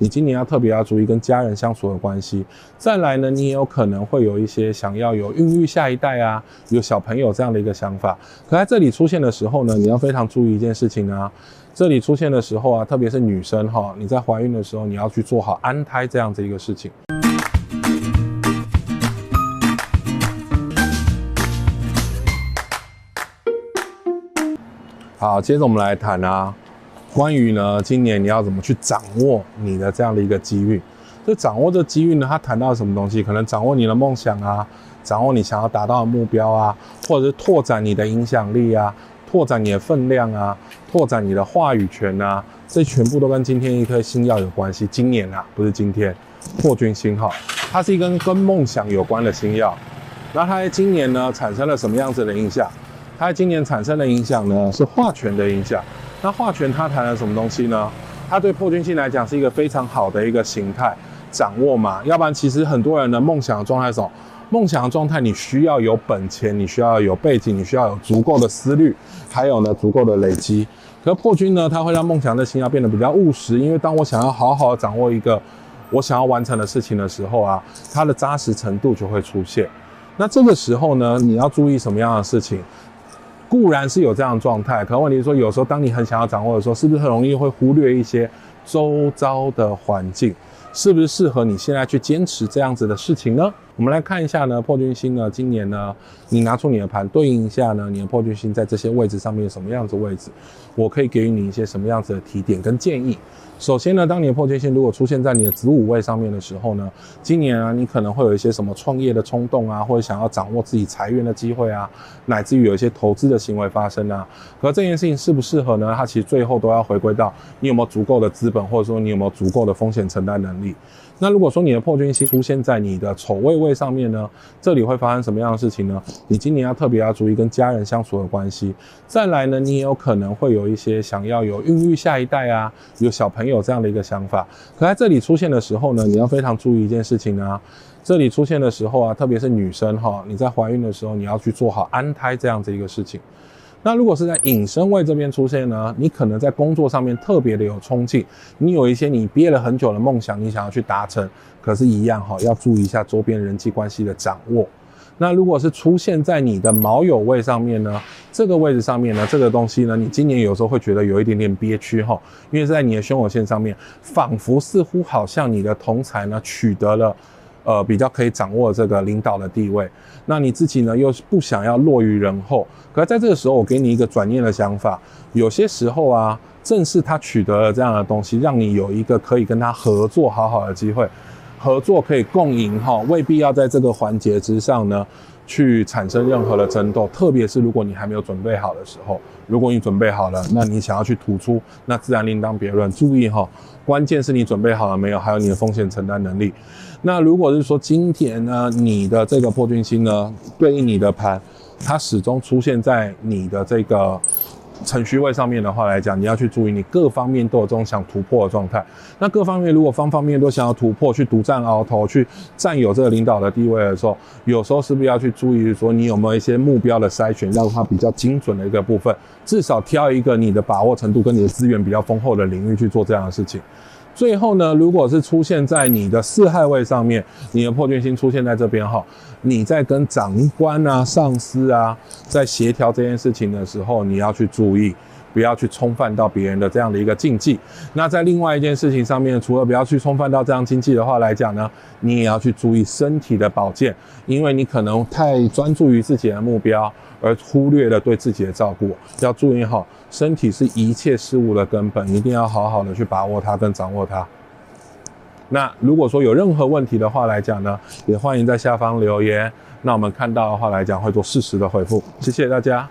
你今年要特別要注意跟家人相處的關係。再來呢，你也有可能會有一些想要有孕育下一代啊，有小朋友這樣的一個想法。可在這裡出現的時候呢，你要非常注意一件事情啊。這裡出現的時候啊，特別是女生哈，你在懷孕的時候，你要去做好安胎這樣子一個事情。好，接着我們來談啊。關於呢，今年你要怎麼去掌握你的這樣的一個機遇？就掌握這機遇呢，它談到什麼東西？可能掌握你的夢想啊，掌握你想要達到的目標啊，或者是拓展你的影響力啊，拓展你的分量啊，拓展你的話語權啊，這全部都跟今天一顆星曜有關係。今年啊，不是今天，破軍星號，它是一根跟夢想有關的星曜。那它在今年呢，產生了什麼樣子的影響？它在今年產生的影響呢，是話語權的影響。那化權他談了什麼東西呢？他對破軍星來講是一個非常好的一個形態掌握嘛？要不然其實很多人呢的夢想狀態是什麼？夢想的狀態你需要有本錢，你需要有背景，你需要有足夠的思慮，還有呢足夠的累積。可破軍呢，它會讓夢想的心要變得比較務實，因為當我想要好好掌握一個我想要完成的事情的時候啊，它的紮實程度就會出現。那這個時候呢，你要注意什麼樣的事情？固然是有這樣的狀態，可問題是說，有時候當你很想要掌握的時候，是不是很容易會忽略一些周遭的環境？是不是適合你現在去堅持這樣子的事情呢？我們來看一下呢，破軍星呢，今年呢，你拿出你的盤對應一下呢，你的破軍星在這些位置上面什麼樣子位置？我可以給予你一些什麼樣子的提點跟建議。首先呢，當你的破軍星如果出現在你的子午位上面的時候呢，今年啊，你可能會有一些什麼創業的衝動啊，或者想要掌握自己財源的機會啊，乃至於有一些投資的行為發生啊。可這件事情適不適合呢？它其實最後都要回歸到你有沒有足夠的資本，或者說你有沒有足夠的風險承擔能力。那如果說你的破軍星出現在你的丑位位上面呢，這裡會發生什麼樣的事情呢？你今年要特別要注意跟家人相處的關係。再來呢，你也有可能會有一些想要有孕育下一代啊，有小朋友這樣的一個想法。可在這裡出現的時候呢，你要非常注意一件事情啊，這裡出現的時候啊，特別是女生哈、哦，你在懷孕的時候，你要去做好安胎這樣子一個事情。那如果是在寅申位這邊出現呢，你可能在工作上面特別的有衝勁，你有一些你憋了很久的夢想，你想要去達成，可是，一樣哈，要注意一下周邊人際關係的掌握。那如果是出現在你的卯酉位上面呢，這個位置上面呢，這個東西呢，你今年有時候會覺得有一點點憋屈哈，因為在你的兄友線上面，仿佛似乎好像你的同才呢取得了。呃，比較可以掌握這個領導的地位，那你自己呢，又是不想要落於人後，可是在這個時候，我給你一個轉念的想法，有些時候啊，正是他取得了這樣的東西，讓你有一個可以跟他合作好好的機會。合作，可以共贏哈，未必要在這個環節之上呢，去產生任何的爭鬥。特別是如果你還沒有準備好的時候，如果你準備好了，那你想要去突出，那自然另當別論。注意哈，關鍵是你準備好了沒有，還有你的風險承擔能力。那如果是說今天呢，你的這個破軍星呢，對應你的盤，它始終出現在你的這個。程序位上面的話來講，你要去注意，你各方面都有這種想突破的狀態。那各方面如果方方面面都想要突破，去獨佔鰲頭，去占有這個領導的地位的時候，有時候是不是要去注意說，你有沒有一些目標的篩選，讓它比較精準的一個部分，至少挑一個你的把握程度跟你的資源比較豐厚的領域去做這樣的事情。最後呢，如果是出現在你的巳亥位上面，你的破軍星出現在這邊哈，你在跟長官啊、上司啊在協調這件事情的時候，你要去注意。不要去衝犯到別人的這樣的一個禁忌。那在另外一件事情上面，除了不要去衝犯到這樣禁忌的話來講呢，你也要去注意身體的保健，因為你可能太專注於自己的目標，而忽略了對自己的照顧。要注意好身體是一切事物的根本，一定要好好的去把握它跟掌握它。那如果說有任何問題的話來講呢，也歡迎在下方留言。那我們看到的話來講，會做適時的回復。謝謝大家。